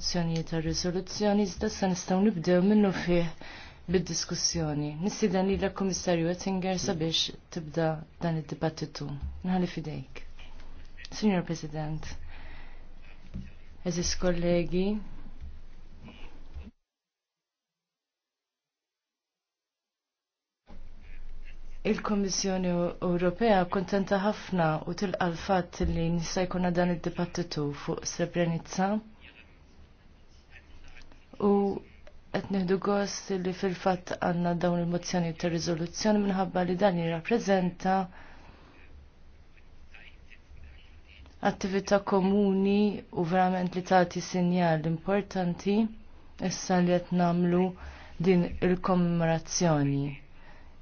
mozzjonijiet ta' risoluzzjoni, iżda se nistgħu nibdew minnu fih bid-diskussjoni. Nissidan li l-Komissarju Oettinger sabiex tibda dan id-dibattitu. Nħalli fidejk. Signor President, eżis kollegi, Il-Kommissjoni Ewropea kontenta ħafna u tilqa l-fatt li nista' jkunna dan id-dibattitu fuq Srebrenica u qed neħdu gost li fil-fatt għandna dawn il-mozzjoni ta' riżoluzzjoni minħabba li dan jirrappreżenta attività komuni u verament li tagħti sinjal importanti issa li qed nagħmlu din il-kommemorazzjoni.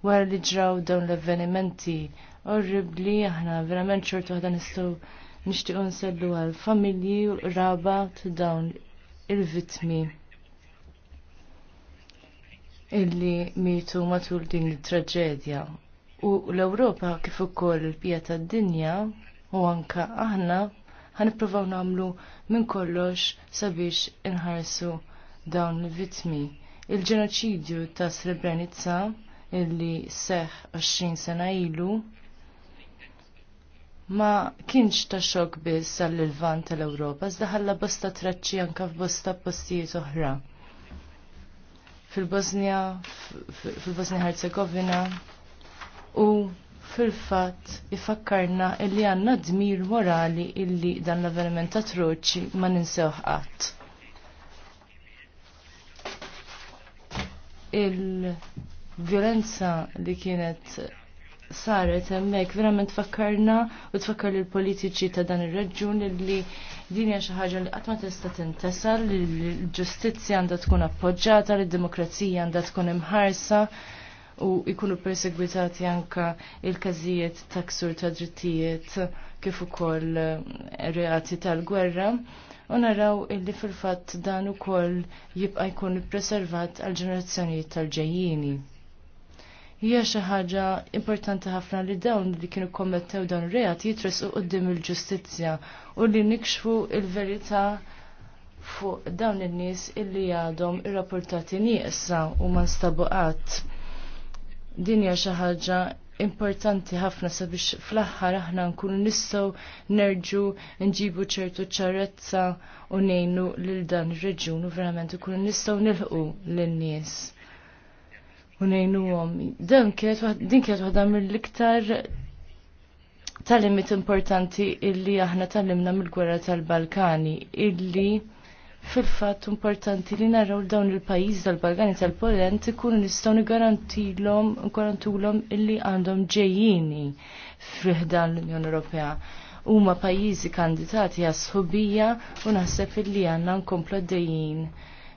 Wara li ġraw dawn l-avvenimenti orribli aħna verament xorta ħadan nistgħu nixtiequ nsellu għal familji u raba ta' dawn il-vitmi illi mitu matul din il-traġedja. U l-Ewropa kif ukoll il-pija tad-dinja u anka aħna ħanipprovaw nagħmlu minn kollox sabiex inħarsu dawn il-vitmi. Il-ġenoċidju ta' Srebrenica illi seħ 20 sena ilu ma kienx ta' xok biss għall-Ilvan tal-Ewropa, zdaħalla bosta traċċi anka f'bosta postijiet oħra fil-Bosnia, fil-Bosnia Herzegovina u fil-fat ifakkarna illi għanna dmir morali illi dan l-avveniment atroċi ma ninsewħat. Il-violenza li kienet saret hemmhekk verament tfakkarna u tfakkar lil politiċi ta' dan ir-reġjun li din hija xi ħaġa li qatt ma tista' tintesal li l-ġustizzja għandha tkun appoġġjata, li d-demokrazija għandha tkun imħarsa u jkunu persegwitati anka il-każijiet ta' ksur ta' drittijiet kif ukoll eh, reati tal-gwerra. U naraw illi fil-fatt dan ukoll jibqa' jkun ippreservat għal ġenerazzjonijiet tal-ġejjini hija xi ħaġa importanti ħafna li dawn li kienu kommettew dawn ir-reat jitresqu qudiem il-ġustizzja u li nikxfu il-verità fuq dawn in-nies illi għadhom irrappurtati nieqsa u ma qatt. Din hija xi ħaġa importanti ħafna sabiex fl-aħħar aħna nkunu nistgħu nerġu nġibu ċertu ċarezza u ngħinu lil dan ir-reġjun u verament ikunu nistgħu nilħqu lin-nies unajnu għom. Din kienet għadha mill-iktar tal-limit importanti illi aħna tal-limna mill-gwerra tal-Balkani, illi fil-fat importanti li naraw dawn il-pajiz tal-Balkani tal-Polent ikun nistgħu nigarantilhom ngarantulhom illi għandhom ġejjini friħdan l-Unjoni Ewropea huma pajjiżi kandidati għas sħubija u naħseb illi għandna nkomplu għaddejjin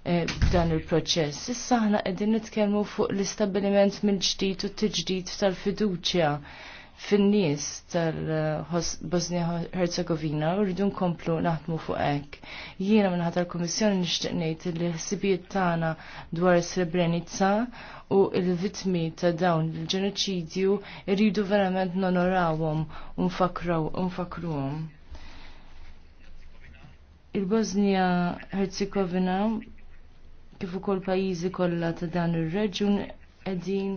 Eh, dan il-proċess. Issa ħna qegħdin nitkellmu fuq l-istabbiliment mill-ġdid u t-tiġdid tal-fiduċja fin-nies tal-Bosnia Herzegovina u rridu nkomplu naħdmu fuq hekk. Jiena minħat tal-Kummissjoni nixtieq ngħid li ħsibijiet tagħna dwar Srebrenica u l-vittmi ta' dawn il-ġenoċidju rridu verament nonorawhom u nfakruhom. Il-Bosnia Herzegovina kif ukoll pajjiżi kollha ta' dan ir-reġun qegħdin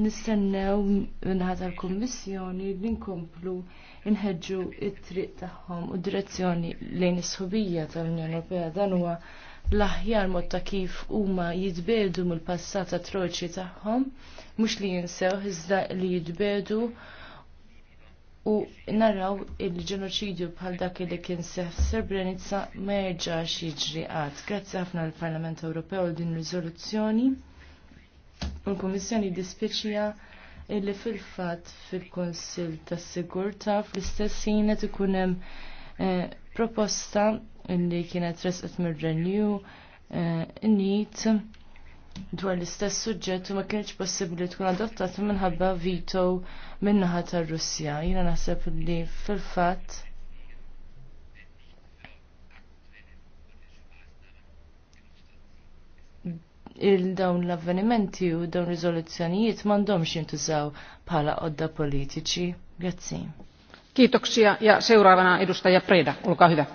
nistennew minnaħat tal-Kummissjoni li nkomplu nħeġġu it-triq tagħhom u direzzjoni lejn is-sħubija tal-Unjoni Ewropea dan huwa l-aħjar mod ta' kif huma jitbedu mill-passat troċi tagħhom mhux li jinsew iżda li jitbedu u naraw il-ġenoċidju bħal dak li kien seħ Srebrenica ma jerġax jiġri għad. Grazzi ħafna l-Parlament Ewropew din riżoluzzjoni u l-Kummissjoni dispiċċja illi fil-fatt fil-Konsil tas-Sigurtà fl-istess ħinet ikun hemm eh, proposta illi kienet resqet mir-Renew eh, Need dwar l-istess suġġett u ma kienx possibbli tkun adottat minħabba veto min-naħa tar-Russja. Jiena naħseb li fil-fatt il-dawn l-avvenimenti u dawn riżoluzzjonijiet m'għandhomx jintużaw bħala odda politiċi. Grazzi. Kiitoksia ja seuraavana edustaja Preda, olkaa hyvä.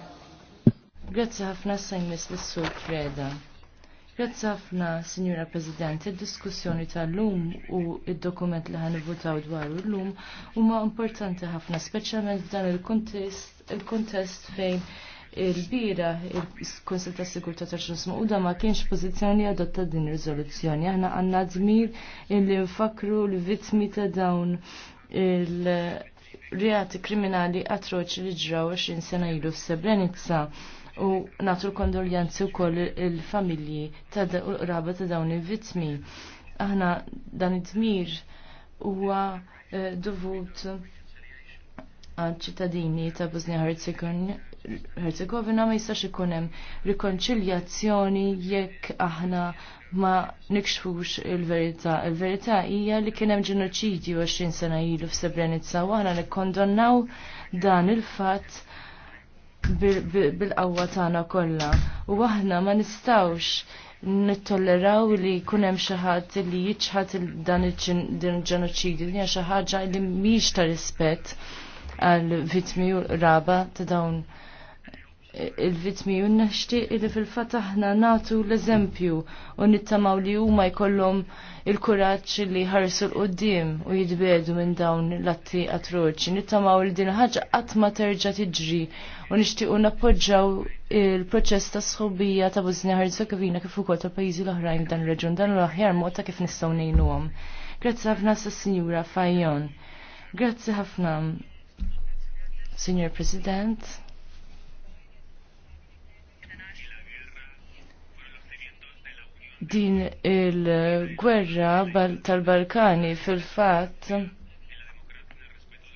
Grazzi ħafna sajmis l-sur Preda. Grazzi ħafna, Signora President, il diskussjoni tal-lum u il dokument li ħanivvutaw dwar l-lum huma importanti ħafna, speċjalment f'dan il-kontest il-kontest fejn il-bira il-Konsil ta' Sigurta ta' u da' ma kienx pozizjoni adotta din rizoluzzjoni Aħna għandna dmir illi nfakru l-vittmi ta' dawn il-reati kriminali atroċi li ġraw 20 sena ilu f-Sebrenica u natru l-kondoljanzi u koll il-familji ta' u ta' dawn il-vitmi. Aħna dan id-dmir huwa eh, dovut għal ċittadini ta' Bosnia Herzegovina ma jistax ikun hemm rikonċiljazzjoni jekk aħna ma nikxfux il-verità. Il-verità hija li kien hemm ġenoċidju 20 sena ilu f'Srebrenica u aħna nikkondonnaw dan il-fatt bil-qawwa tagħna kollha. U aħna ma nistgħux nittolleraw li jkun hemm xi ħadd li jiġħad dan il ġenoċidi din xi ħaġa li mhix ta' rispett għal vitmi u raba ta' dawn il-vitmi u nixtieq li fil-fatt aħna natu l-eżempju u nittamaw li huma jkollhom il-kuraġġ li ħarsu l qoddim u jitbedu minn dawn l-atti atroċi. Nittamaw li din ħaġa qatt ma terġa' tiġri u nixtiequ nappoġġaw il-proċess ta' sħobija ta' Bosnia Herzegovina kif ukoll ta' pajjiżi l-oħrajn f'dan reġun dan l-aħjar mod ta' kif nistgħu ngħinuhom. Grazzi ħafna sas-Sinjura Fajjon. Grazzi ħafna, Signor President. din il-gwerra tal-Balkani fil-fat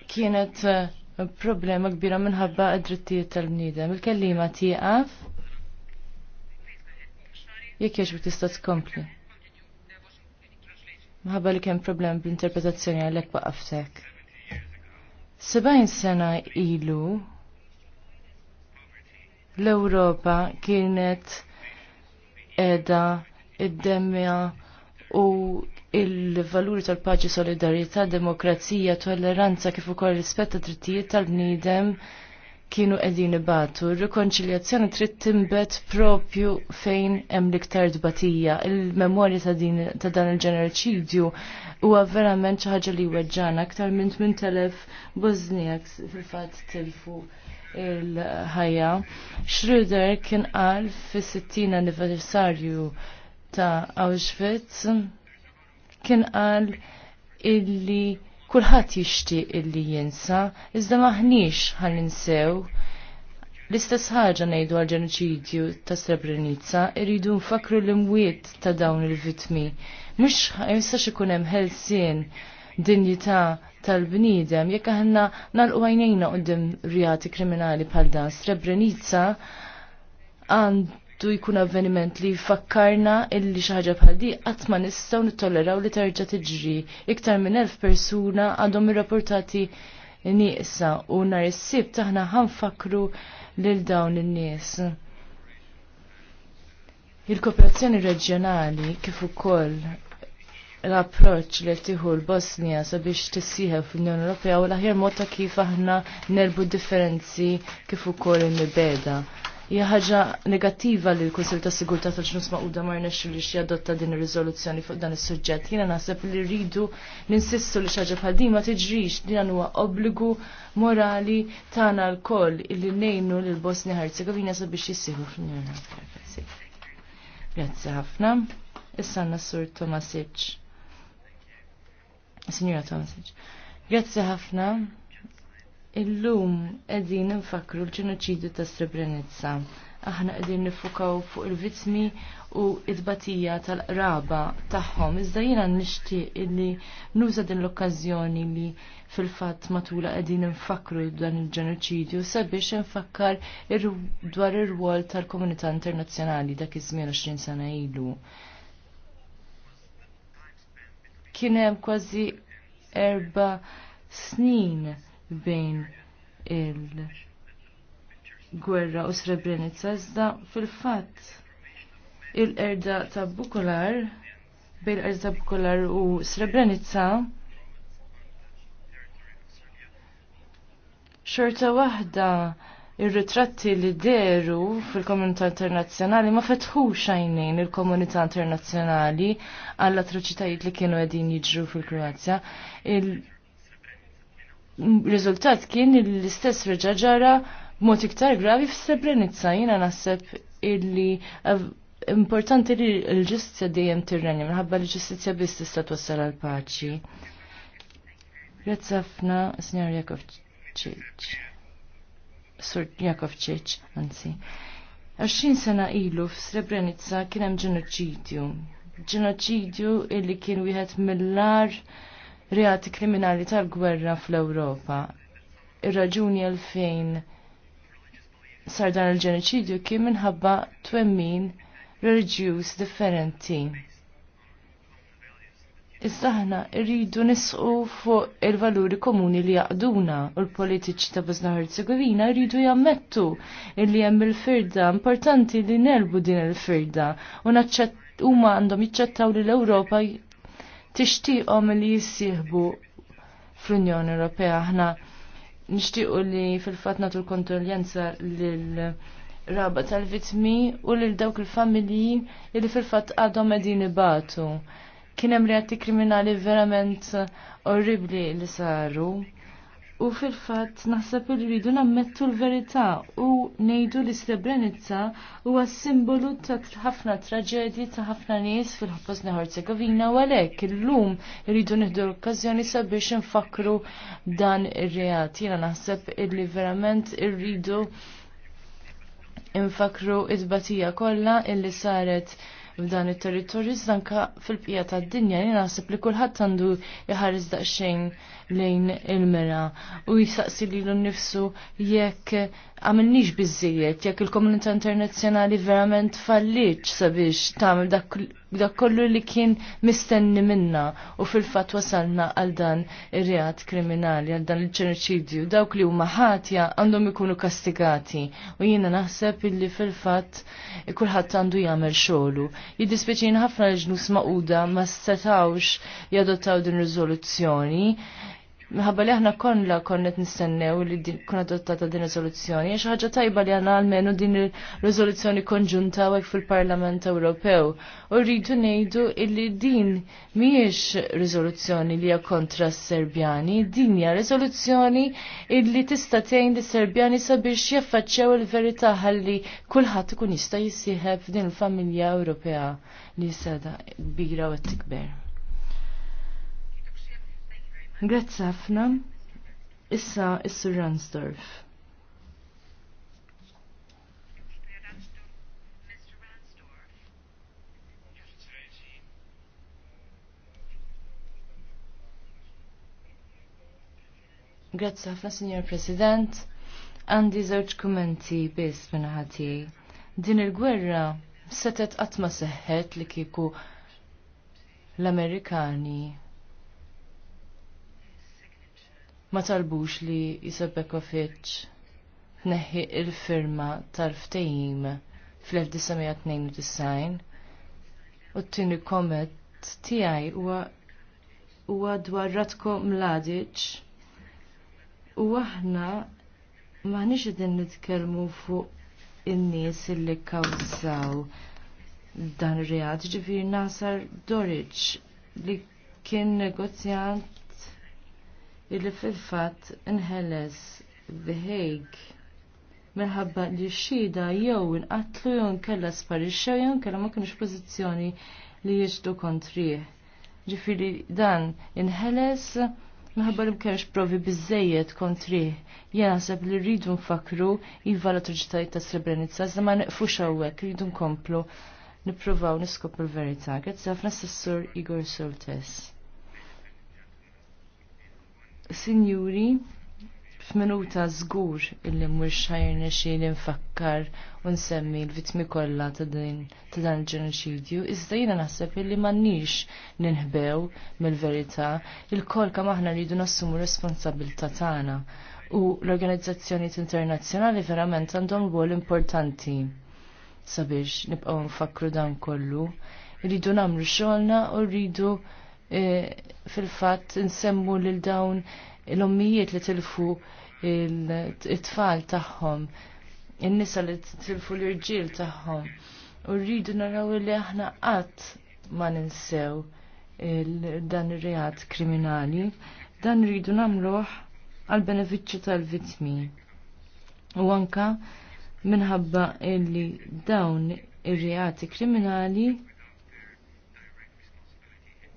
kienet eh, problema kbira minħabba għad-drittijiet tal-bnidem. Il-kellima tieqaf Jek jiex tista' tkompli. Mħabba li kemm problem bl-interpretazzjoni għalhekk waqaftek. 70 sena ilu l-Ewropa kienet edha id-demja u il-valuri tal-paċi, solidarieta, demokrazija, tolleranza kif ukoll rispett ta' drittijiet tal-bniedem kienu qegħdin ibatu. Ir-rikonċiljazzjoni trid timbet propju fejn hemm l-iktar dbatija. Il-memorja ta' din ta' dan il-ġenerċidju huwa verament xi ħaġa li weġġana aktar minn 8000 Bosniaks fil-fatt tilfu il-ħajja. Schröder kien qal fis-60 anniversarju ta' Auschwitz kien qal illi kulħadd jixtieq illi jinsa, iżda maħniex ħan ninsew l-istess ħaġa ngħidu għal ġenoċidju ta' Srebrenica irridu nfakru l-imwiet ta' dawn il-vitmi. Mhux jinsax ikun hemm ħelsien dinjità tal-bniedem jekk aħna nalqu għajnejna quddiem rijati kriminali bħal dan Srebrenica għand Tu jkun avveniment li fakkarna illi xaħġa bħal di għatma nistaw nittolleraw li terġa tiġri. Iktar minn elf persuna għandhom irrapportati nieqsa u nar is-sib taħna ħanfakru lil dawn in-nies. Il-kooperazzjoni reġjonali kif ukoll l approċċ li tieħu l-Bosnija sabiex tissieħeb fl-Unjoni Ewropea u l-aħjar mod ta' kif aħna nerbu differenzi kif ukoll in-nibeda hija ħaġa negattiva li l-Kunsil ta' Sigurtà tal-Ġnus Maquda ma rnexxu li jadotta din ir-riżoluzzjoni fuq dan is-suġġett. Jiena naħseb li rridu ninsistu li xi ħaġa bħal din ma tiġrix din huwa obbligu morali tagħna l-koll illi ngħinu lil Bosnia Herzegovina sabiex jissieħu fl-Unjoni Ewropea. Grazzi ħafna. Issa Sur Tomasic. Signora Tomasic. Grazzi ħafna. Illum qegħdin infakru l ġenoċidu ta' Srebrenica. Aħna qegħdin nifukaw fuq il-vittmi u id batija tal-qraba tagħhom. Iżda jiena nixtieq illi nuża din l-okkażjoni li fil-fatt matula qegħdin infakru dan il-ġenoċidju sabiex infakkar dwar ir-rwol tal-komunità internazzjonali dak iż-żmien 20 sena ilu. Kien hemm kważi erba' snin bejn il-gwerra u Srebrenica iżda fil-fatt il-erda ta' Bukolar bejn erda ta' Bukolar u Srebrenica xorta waħda ir-ritratti li deru fil-komunità internazzjonali ma fetħux xajnejn il-komunità internazzjonali għall atroċitajiet li kienu għedin jiġru fil-Kroazja riżultat kien l-istess reġaġara b'mod iktar gravi f'Srebrenica jiena naħseb illi eh, importanti li l-ġustizja dejjem tirrenja minħabba li l-ġustizja biss tista' twassal għal paċi. Grazzi ħafna, Sinjor Jakovčić. Sur Jakovčić, anzi. 20 sena ilu f'Srebrenica kien hemm ġenoċidju. Ġenoċidju illi kien wieħed mill-lar reati kriminali tal-gwerra fl-Ewropa. Ir-raġuni għalfejn sar dan il-ġenoċidju kien minħabba twemmin reliġjuż differenti. Iżda aħna rridu nisqu fuq il-valuri komuni li jaqduna u l-politiċi ta' Bosna Herzegovina rridu jammettu illi hemm il-firda importanti li nelbu din il-firda u naċċett huma għandhom jiċċettaw li l-Ewropa tixtieqhom li jissieħbu fl-Unjoni Ewropea. Aħna nixtiequ li fil-fatt nagħtu l kontroljenza lil raba tal-vitmi u lil dawk il-familji li fil-fatt għadhom qegħdin ibatu. Kien hemm reati kriminali verament orribli li saru u fil-fatt naħseb li rridu nammettu l-verità u ngħidu li Srebrenica huwa simbolu ta' ħafna traġedji ta' ħafna nies fil-Ħosna Herzegovina u għalhekk illum rridu nieħdu l-okkażjoni sabiex infakru dan ir-reat. Jiena naħseb illi verament irridu nfakru id-batija kollha illi saret f'dan it-territorju zanka fil pija tad-dinja li naħseb li kulħadd għandu jħares daqsxejn lejn il-mera u jisaqsi li l-nifsu jekk għamilniġ bizzijiet, jekk il-komunità internazzjonali verament falliċ sabiex tamil dak, kollu li kien mistenni minna u fil-fat wasalna għal dan ir-reat kriminali, għal dan il ċenċidju dawk li huma ħatja għandhom ikunu kastigati u jiena naħseb illi fil-fat kulħadd għandu jagħmel xogħlu. Jiddispjaċin ħafna li ġnus maquda ma setawx jadottaw din riżoluzzjoni Minħabba li aħna kollha konnet nistennew li kun adottata din rezoluzzjoni. Ix ħagġa ħaġa tajba li għandna għalmenu din ir-riżoluzzjoni konġunta għek fil-Parlament Ewropew. U rridu ngħidu illi din mhijiex rezoluzzjoni li hija kontra s-Serbjani, din hija rezoluzzjoni illi tista' tgħin s serbjani sabiex jaffaċċew il-verità ħalli kulħadd ikun jista' jissieħeb f'din il-familja Ewropea li seda kbira u tikber. Grazzi ħafna. Issa is-Sur Ransdorf. Grazzi ħafna, Signor President. Għandi żewġ kummenti biss minn ħati. Din il-gwerra setet qatt ma seħħet li kieku l-Amerikani ma talbux li Isabekovic neħi il-firma tal-ftejim fl-1992 u t-tini komet tijaj u dwar Ratko Mladic u aħna maħniġ id-din nitkelmu fuq in-nies li kawzaw dan ir-reat ġifiri Nasar doriċ li kien negozjant illi fil-fatt nħeles biħejk minħabba li xida jew inqatlu jew nkella sparixxew jew inkella ma kienux pożizzjoni li jiġdu kontrih. Ġifiri dan inħeles minħabba li mkenx provi biżejjed kontrih. Jena naħseb li rridu nfakru iva l-atroċitajiet ta' Srebrenica, iżda ma neqfux hawnhekk, rridu nkomplu nippruvaw niskop il-verità. Grazzi ħafna s-sur Igor Soltes. Sinjuri, f'minuta żgur illi mhux ħajrna xie li nfakkar u nsemmi l-vittmi kollha ta' ta' dan il-ġenoċidju, iżda jiena naħseb illi m'għandniex ninħbew mill-verità, il-kol kemm aħna rridu nassumu responsabilità tagħna u l-organizzazzjonijiet internazzjonali verament għandhom rwol importanti sabiex nibqgħu nfakru dan kollu. Rridu nagħmlu xogħolna u rridu E, fil-fatt nsemmu lil dawn l-ommijiet li tilfu it-tfal tagħhom, in-nisa li tilfu l-irġiel tagħhom. U rridu naraw li aħna qatt ma ninsew dan ir-reat kriminali, dan rridu nagħmluh għal beneficju tal-vittmi. U anka minħabba illi dawn ir-reati kriminali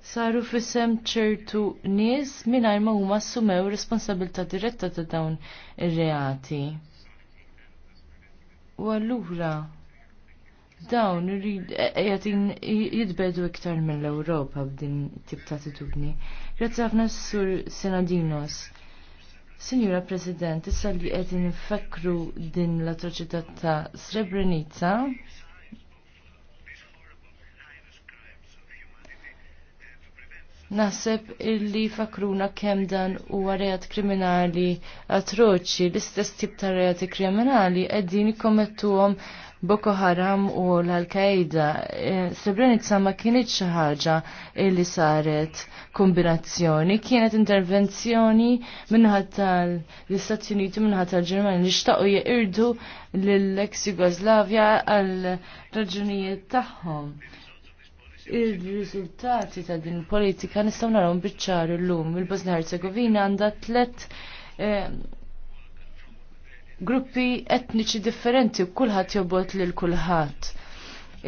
saru fissem ċertu nies mingħajr ma huma assumew responsabilità diretta ta' dawn ir-reati. U allura dawn e- e- jgħatin jitbedu iktar mill-Ewropa b'din tip ta' titudni. Grazzi ħafna sur Senadinos. Signora President, issa li qegħdin nfekru din l-atroċità ta' Srebrenica, Naħseb illi fakruna kemm dan huwa għarijat kriminali atroċi, l-istess tip ta' reati kriminali qegħdin jkommettuhom Boko Haram u l-Al-Qaeda. E, Srebrenica ma kienet xi ħaġa li saret kombinazzjoni, kienet intervenzjoni minħat tal-Istati Uniti minħat tal ġermani li xtaqgħu jeqirdu lill eks Jugoslavja għal raġunijiet tagħhom. Il-riżultati ta' din il-politika nistgħu narhom biċ-ċar illum. Il-Bosnia Herzegovina għandha tliet eh, gruppi etniċi differenti u kullħat jobot lil kulħadd.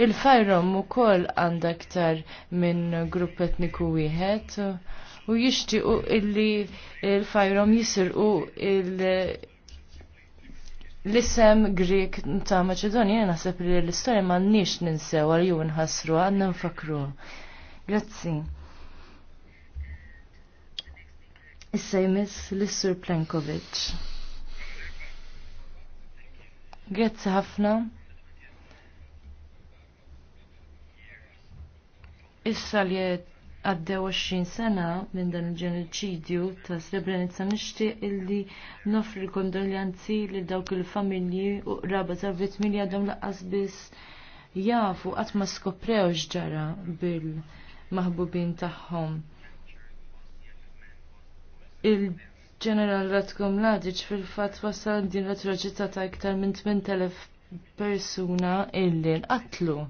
Il-fajrom ukoll għandha ktar minn grupp etniku wieħed u jixtiequ illi il-fajrom jisir u -il L-isem Grik ta' Maċedonija naħseb li l-istorja ma' nix ninsew għal ju nħasru għanna nfakru. Grazzi. Issa jmiss l-Sur Plenkovic. Grazzi ħafna. Issa li għaddew 20 sena minn dan il-ġenoċidju ta' Srebrenica nixtieq illi nofri kondoljanzi lil dawk il-familji u qraba ta' vittmi li għadhom laqqas biss jafu qatt ma skoprew ġara bil-maħbubin tagħhom. Il-ġeneral Ratkom Ladic fil-fatt wasal din l-atroċità ta' iktar minn 8000 persuna illi nqatlu.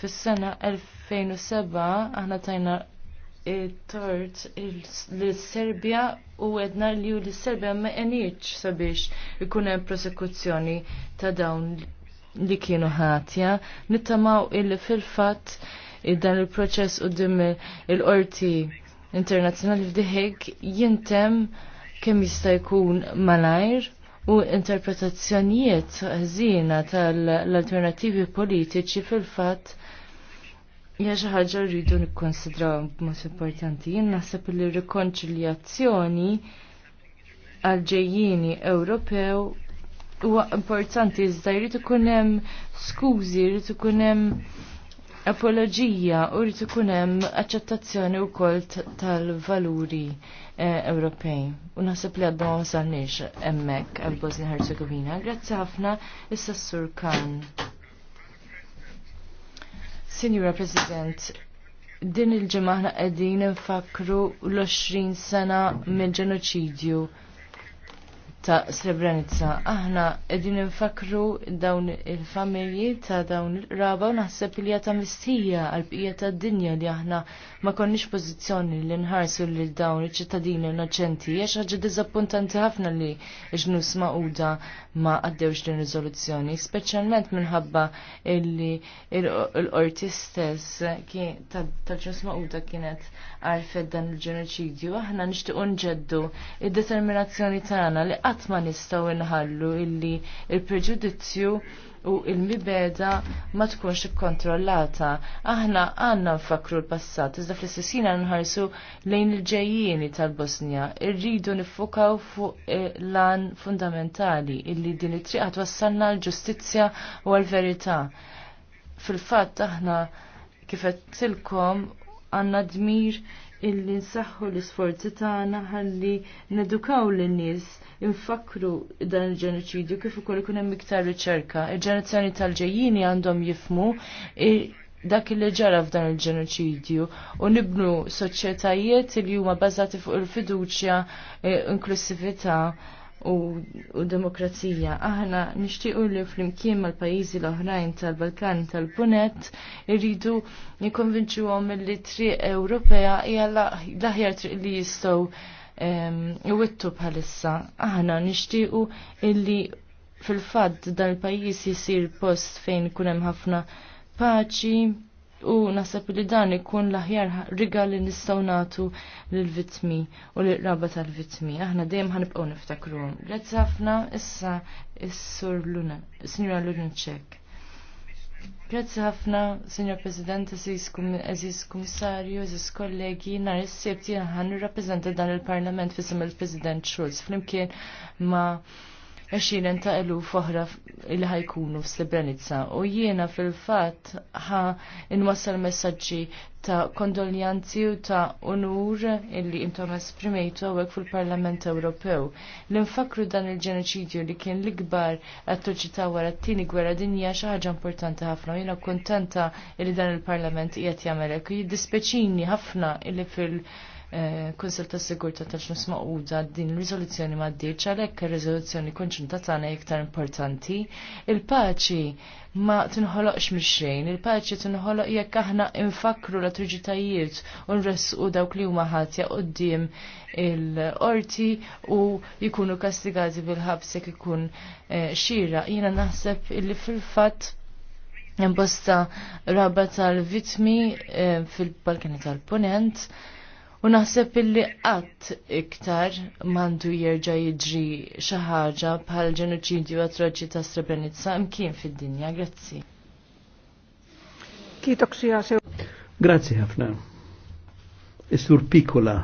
Fis-sena 2007 aħna tajna tort l-Serbja u għedna li u l-Serbja ma enirċ sabiex ikun hemm prosekuzzjoni ta' dawn li kienu ħatja. Nittamaw illi fil-fatt dan il-proċess u dim il-qorti internazzjonali f'diħek jintem kemm jista' jkun malajr u interpretazzjonijiet zina tal-alternativi politiċi fil-fatt hija xi ħaġa rridu nikkonsidraw b'mod importanti. Jien naħseb li rikonċiljazzjoni għal ġejjini Ewropew huwa importanti iżda jrid ikun hemm skużi, jrid ikun hemm apologija u rritu ikun hemm aċċettazzjoni wkoll tal-valuri eh, Ewropej. U naħseb li għadna ma emmek hemmhekk għal Bosnia Herzegovina. Grazzi ħafna il-Sassur Kan. Signora President, din il-ġimgħa għedin qegħdin nfakru l-20 sena mill-ġenoċidju ta' Srebrenica. Aħna edin nfakru dawn il-familji ta' dawn il-raba u naħseb li ta' mistija għal-bqija ta' dinja li aħna ma konniex pozizjoni li nħarsu li dawn il-ċittadini innoċenti. Għax ħagġa dizappuntanti ħafna li ġnus ma' uda ma' għaddewx din rizoluzzjoni, specialment minħabba illi l ortistess stess tal-ġnus ma' uda kienet għarfed dan il-ġenoċidju. Aħna nishtiqun ġeddu id-determinazzjoni tagħna li qatt ma nistgħu inħallu illi il-preġudizzju u il-mibeda ma tkunx ikkontrollata. Aħna għanna nfakru l-passat, iżda fl-istessina nħarsu lejn il-ġejjieni tal bosnia Irridu nifukaw fuq eh, lan fundamentali illi din it-triqa twassalna l-ġustizzja u l verità Fil-fatt aħna kifet tilkom għanna dmir illi nsaħħu l-isforzi tagħna ħalli nedukaw lin-nies infakru dan il-ġenoċidju kif ukoll ikun hemm iktar riċerka. Il-ġenerazzjoni tal-ġejjini għandhom jifmu dak li ġara f'dan il-ġenoċidju u nibnu soċjetajiet li huma bażati fuq il-fiduċja, eh, inklusività. E, u demokrazija. Aħna nixtiequ li flimkien mal-pajjiżi l-oħrajn tal-Balkan tal-Punet irridu nikkonvinċuhom li triq Ewropea hija l-aħjar triq li jistgħu iwittu bħalissa. Aħna nixtiequ illi fil-fatt dal-pajjiż jisir post fejn kunem ħafna paċi, u naħseb li dan ikun l-aħjar riga li nistgħu nagħtu lill-vittmi u l-raba tal-vittmi. Aħna dejjem ħanibqgħu niftakru. Grazzi ħafna issa is-sur Luna, sinjura Luna Grazzi ħafna, Signor President, Aziz kummissarju, eżis Kollegi, nhar is-sebt jien ħan rappreżenta dan il-Parlament fisem il-President Schulz flimkien ma' 20 ta' eluf oħra il ħajkunu f'Srebrenica u jiena fil-fatt ħa inwassal messaġġi ta' kondoljanzi u ta' unur illi intom esprimejtu għek fil-Parlament Ewropew. L-infakru dan il-ġenoċidju li kien l-ikbar atroċità wara t-tini gwerra dinja xaħġa importanti ħafna. Jiena kontenta illi dan il-Parlament jgħat jamelek. Jiddispeċini ħafna illi fil-Parlament Eh, Kunsil ta' Sigurta ta' xnus maquda din rizoluzzjoni ma' d-dirċ għalek rizoluzzjoni konċunta tagħna iktar importanti. Il-paċi ma tinħoloqx mix-xejn, il-paċi tinħoloq jekk aħna infakru la triġitajiet u nresqu dawk li huma ja qudiem il-qorti u jkunu kastigati bil ħabsek ikun eh, xira. Jiena naħseb illi fil-fatt bosta raba tal-vitmi eh, fil-Balkani tal-Ponent. tal punent U naħseb illi qatt iktar mandu jerġa' jiġri xi ħaġa bħal ġenoċidju atroċi ta' Srebrenica imkien fid-dinja. Grazzi. Kitoksija sew. Grazzi ħafna. Is-sur Pikola.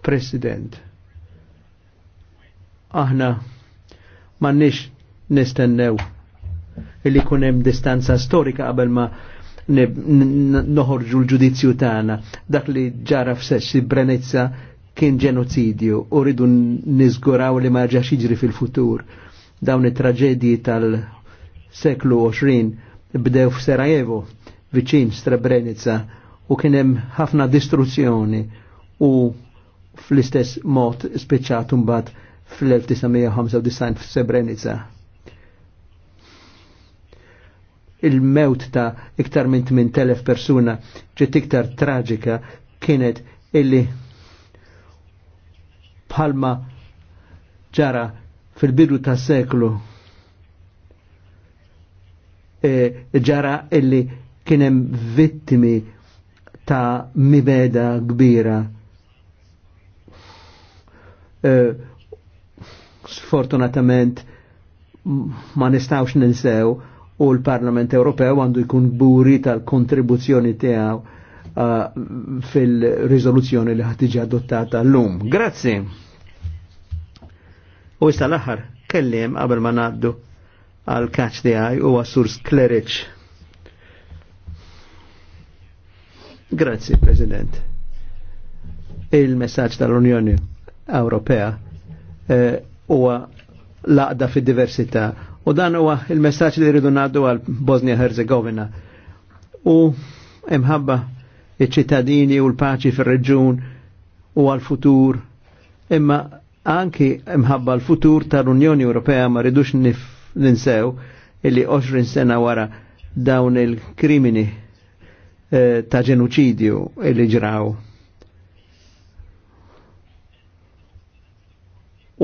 President. Aħna m'għandniex nistennew illi kunem distanza storika qabel ma' noħorġu l-ġudizzju tagħna. Dak li ġara f'sessi Brenezza kien ġenozidju u rridu niżguraw li ma ġax jiġri fil-futur. Dawn it-traġedji tal-seklu 20 bdew f'Sarajevo viċin Srebrenica u kien hemm ħafna distruzzjoni u fl-istess mod spiċċat mbagħad fl-1995 f'Srebrenica. il-mewt ta' iktar minn 8000 persuna ġiet iktar traġika kienet illi bħalma ġara fil-bidu ta' seklu e, ġara e, illi kienem vittimi ta' mibeda kbira e, sfortunatament ma nistawx ninsew u l-Parlament Ewropew għandu jkun buri tal-kontribuzzjoni tiegħu uh, fil-riżoluzzjoni li ħatiġi adottata l-lum. Grazzi. U issa l-aħħar kellim qabel ma ngħaddu għal kaċ tiegħi u Sur Skleric. Grazzi, President. Il-messaġġ tal-Unjoni Ewropea eh, huwa uh, laqda fid-diversità U dan huwa il-messaġġ li rridu ngħaddu għal Bosnia Herzegovina. U imħabba iċ-ċittadini u l-paċi fir-reġun u għal-futur. Imma anki imħabba l-futur tal-Unjoni Ewropea ma rridux ninsew illi 20 sena wara dawn il-krimini eh, ta' ġenuċidju illi ġraw.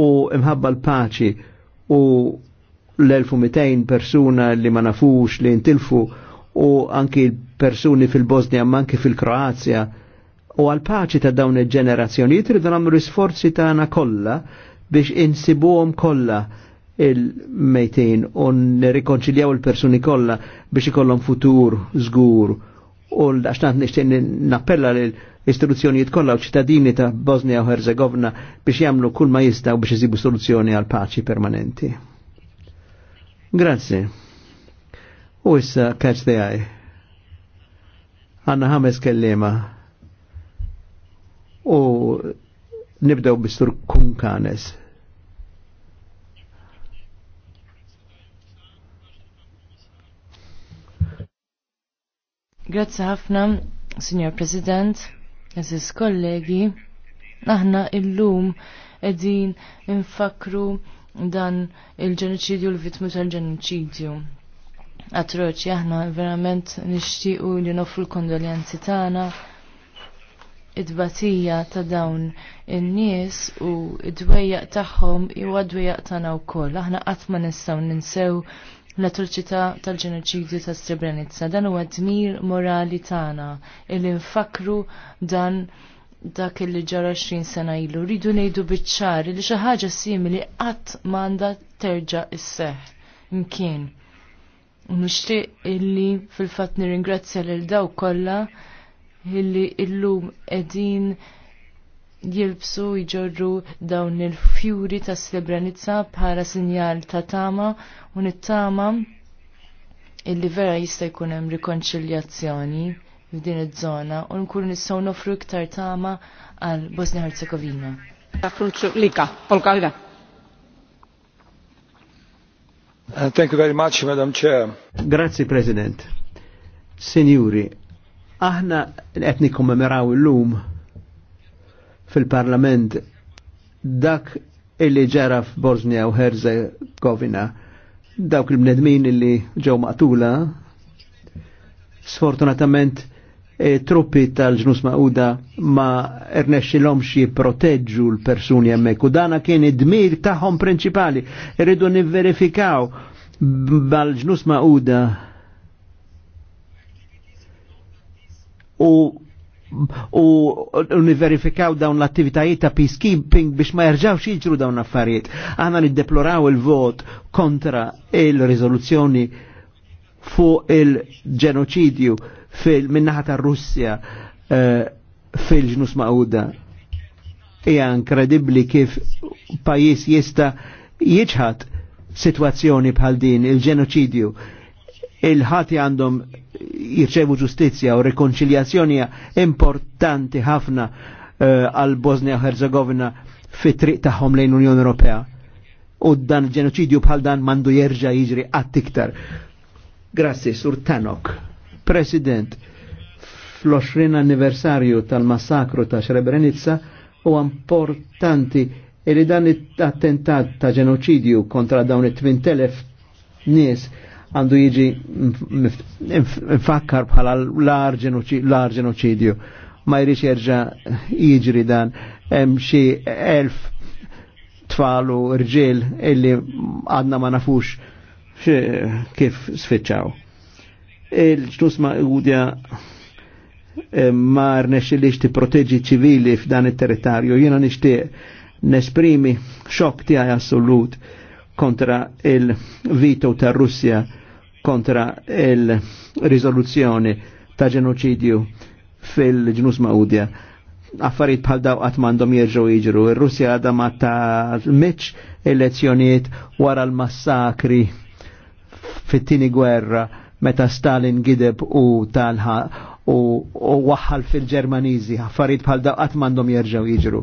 U imħabba l-paċi u l-1200 persuna li ma nafux li jintilfu u anki persuni fil-Bosnia ma anki fil-Kroazja u għal paċi ta' dawn il-ġenerazzjoni jitri namlu sforzi tagħna kollha biex insibuhom kollha il-mejtin u nirrikonċiljaw il-persuni kollha biex ikollhom futur żgur u l għaxtant nishtin nappella l istruzzjoni kollha u ċittadini ta' Bosnia u Herzegovna biex jagħmlu kull ma jistgħu biex jizibu soluzzjoni għal paċi permanenti. Grazzi. U issa kaċ di Għanna ħames kellima. U nibdew bistur kunkanes. Grazzi ħafna, Signor President, Eżis kollegi, aħna illum edin infakru dan il-ġenoċidju l-vittmu tal-ġenoċidju. Atroċi, aħna verament nixtiequ li nofru l-kondoljanzi tagħna id-batija ta' dawn in-nies u id-dwejjaq tagħhom huwa dwejjaq tagħna wkoll. Aħna qatt ma nistgħu ninsew l-atroċità tal-ġenoċidju ta' Srebrenica. Dan huwa dmir morali tagħna il nfakru dan dak li ġara 20 sena ilu. Ridu nejdu bitċari li xaħġa simili għat manda terġa isseħ mkien. Nishtiq illi fil-fat nir-ingrazzja l-daw kolla illi illum edin jilbsu jġorru dawn il-fjuri ta' Srebrenica bħala sinjal ta' tama u nittama illi vera jista' jkun hemm rikonċiljazzjoni f'din iż-żona u nkunu nistgħu nofru iktar tama għal Bosnia Herzegovina. Uh, thank you very much, Madam Chair. Grazie, President. Signori, aħna qed nikkommemoraw illum fil-Parlament dak illi ġara f'Bosnia u Herzegovina dawk il-bnedmin illi ġew maqtula sfortunatament E, truppi tal-ġnus maquda ma rnexxilhomx jipproteġġu l-persuni hemmhekk u dana kien id-dmir tagħhom principali. Irridu nivverifikaw bal-ġnus maquda u u niverifikaw dawn l-attivitajiet ta' peacekeeping biex ma jerġawx jiġru dawn affarijiet. Aħna niddeploraw il-vot kontra il-rizoluzzjoni fuq il-ġenoċidju fil-minnaħa ta' Russja eh, fil-ġnus ma'uda. Ija inkredibbli kif pajis jista jieġħat situazzjoni bħal din il-ġenoċidju. Il-ħati għandhom jirċevu ġustizja u rekonċiljazzjoni importanti ħafna eh, għal Bosnia Herzegovina fit triq tagħhom lejn Unjoni Ewropea. U dan ġenoċidju bħal dan mandu jerġa' jiġri għat iktar. Grazzi, Sur Tanok. President, fl-20 anniversarju tal-massakru ta' Srebrenica u importanti li dan it-attentat ta' ġenoċidju kontra dawn it 20000 nies għandu jiġi mfakkar bħala l-ar ġenoċidju. Ma jrix jerġa jiġri dan hemm xi elf tfal u rġil illi għadna ma nafux kif sfiċċaw il-ġnus ma'udja ma eh, rnex li ti proteġi ċivili f'dan il-territorju. Jena nishti nesprimi xok tiegħi assolut kontra il-vito ta' Russja kontra il-rizoluzzjoni ta' ġenoċidju fil-ġnus ma'udja. Affarijiet bħal daw qatt m'għandhom jerġgħu jiġru. Ir-Russja għadha ma ta' miċ elezzjonijiet wara l-massakri fit-tieni gwerra meta Stalin gideb u talħa u, u waħħal fil-Ġermaniżi, affarijiet bħal daqqat mandom jerġgħu jiġru.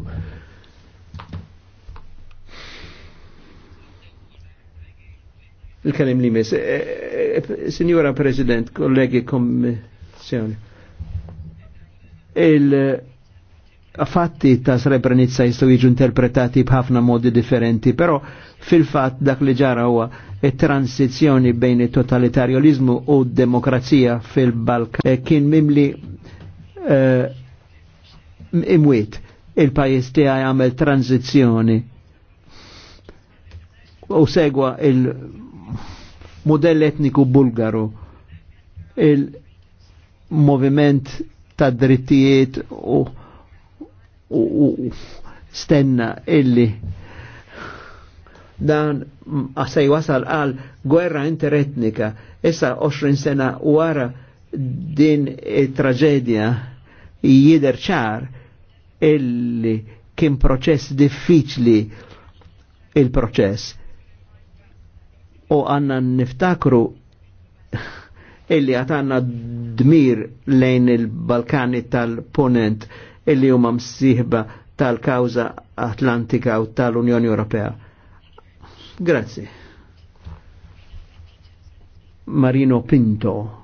Il-kelim li mis. E, e, e, signora President, kollegi kommissjoni, il-fatti ta' Srebrenica jistaw jiġu interpretati bħafna modi differenti, pero Fil-fat dak li ġara huwa transizjoni bejn it-totalitarjonizmu u demokrazija fil e, kien mimli uh, imwiet il-pajis tiegħi għamel tranzizjoni u segwa il-modell etniku bulgaru il-moviment ta' drittijiet u, u, u stenna illi dan għasaj wasal għal gwerra interetnika. Issa 20 sena wara din traġedja jider ċar illi kien proċess diffiċli il-proċess. U għanna niftakru illi għatanna dmir lejn il-Balkani tal-Ponent illi huma msiħba tal-kawza Atlantika u tal-Unjoni Ewropea Grazie. Marino Pinto.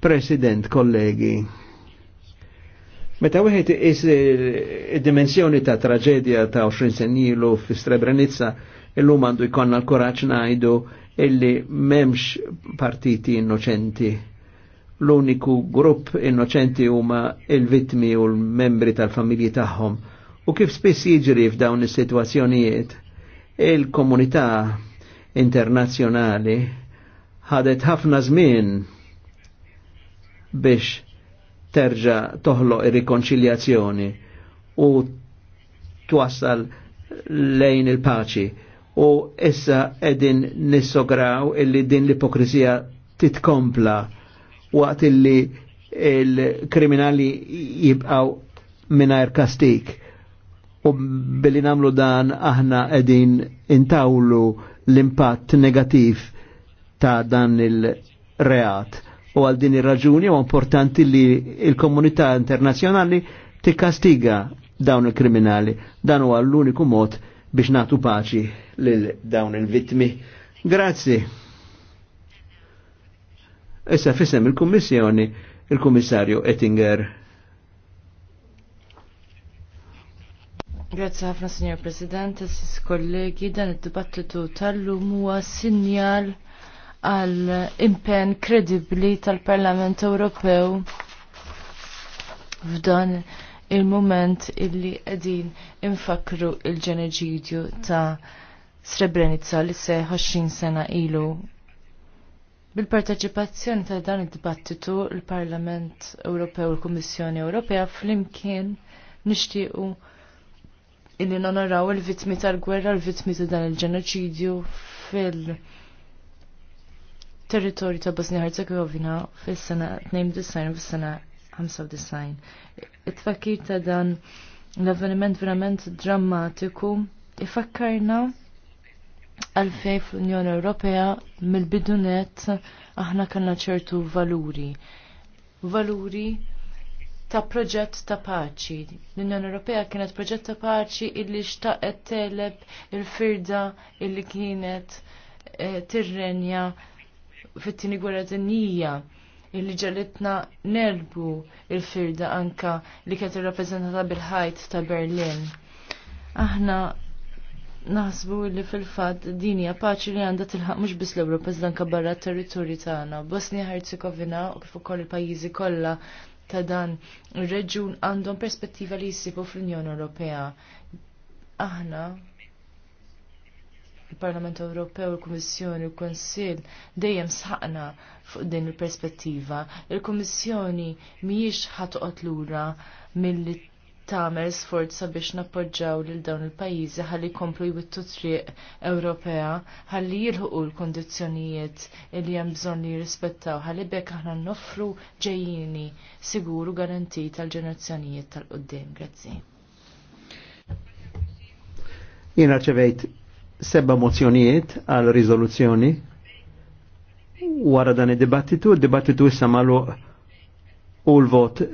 President, kollegi. Meta wieħed is eh, id-dimensjoni ta' traġedja ta' 20 senilu fi Srebrenica, illum għandu jkollna l-kuraġġ ngħidu illi m'hemmx partiti innoċenti l-uniku grupp innoċenti huma il-vittmi u l-membri tal-familji tagħhom. U kif spiss jiġri f'dawn is-sitwazzjonijiet, il-komunità internazzjonali ħadet ħafna żmien biex terġa toħloq ir-rikonċiljazzjoni u twassal lejn il-paċi. U issa edin nissograw illi din l-ipokrizija titkompla waqt illi il-kriminali jibqaw minar kastik. U billi namlu dan aħna edin intawlu l-impatt negativ ta' dan il-reat. U għal din ir-raġuni u importanti li il-komunità internazjonali tikastiga dawn il-kriminali. Dan huwa l-uniku mod biex natu paċi lil dawn il-vittmi. Grazzi. Issa fissem il-Kummissjoni il-Kummissarju Ettinger. Grazie ħafna, Signor President, sis kollegi, dan id-dibattitu tal-lum huwa sinjal għal impen kredibli tal-Parlament Ewropew f'dan il-moment illi qegħdin infakru il-ġeneġidju ta' Srebrenica li se 20 sena ilu Bil-parteċipazzjoni ta' dan id-dibattitu, l parlament Ewropew u l-Kummissjoni Ewropea flimkien nixtiequ illi nonoraw il-vitmi tal-gwerra, il-vitmi ta' dan il-ġenoċidju fil- territorju ta' Bosnia Herzegovina fis-sena 92 fis-sena 95. It-tfakkir ta' dan l-avveniment verament drammatiku ifakkarna għalfej fl-Unjoni Ewropea mill-bidunet aħna kanna ċertu valuri. Valuri ta' proġett ta' paċi. L-Unjoni Ewropea kienet proġett ta' paċi illi xtaqet teleb il-firda illi kienet e, tirrenja fit-tini gwerra dinija, illi ġalitna nerbu il-firda anka li kienet irrappreżentata bil-ħajt ta' Berlin. Aħna naħsbu li fil-fat dinja paċi li għandha tilħaq mhux biss l europa iżda kabarra territori territorju tagħna. Bosnia Herzegovina u kif ukoll il-pajjiżi kollha ta' dan ir-reġjun għandhom perspettiva li jsibu fl-Unjoni Ewropea. Aħna il-Parlament Ewropew, il-Kummissjoni, il-Konsil dejjem sħaqna fuq din il-perspettiva. Il-Kummissjoni mhijiex ħatoqgħod lura milli tagħmel sforza sabiex nappoġġaw lil dawn il-pajjiżi ħalli jkomplu jwittu triq Ewropea ħalli jilħuqu l-kondizzjonijiet li hemm bżonn li jirrispettaw ħalli bekk aħna noffru ġejjini siguru garantit tal-ġenerazzjonijiet tal-qudiem. Grazzi. Jiena rċevejt seba mozzjonijiet għal riżoluzzjoni wara dan id-dibattitu, id-dibattitu issa maluq u l-vot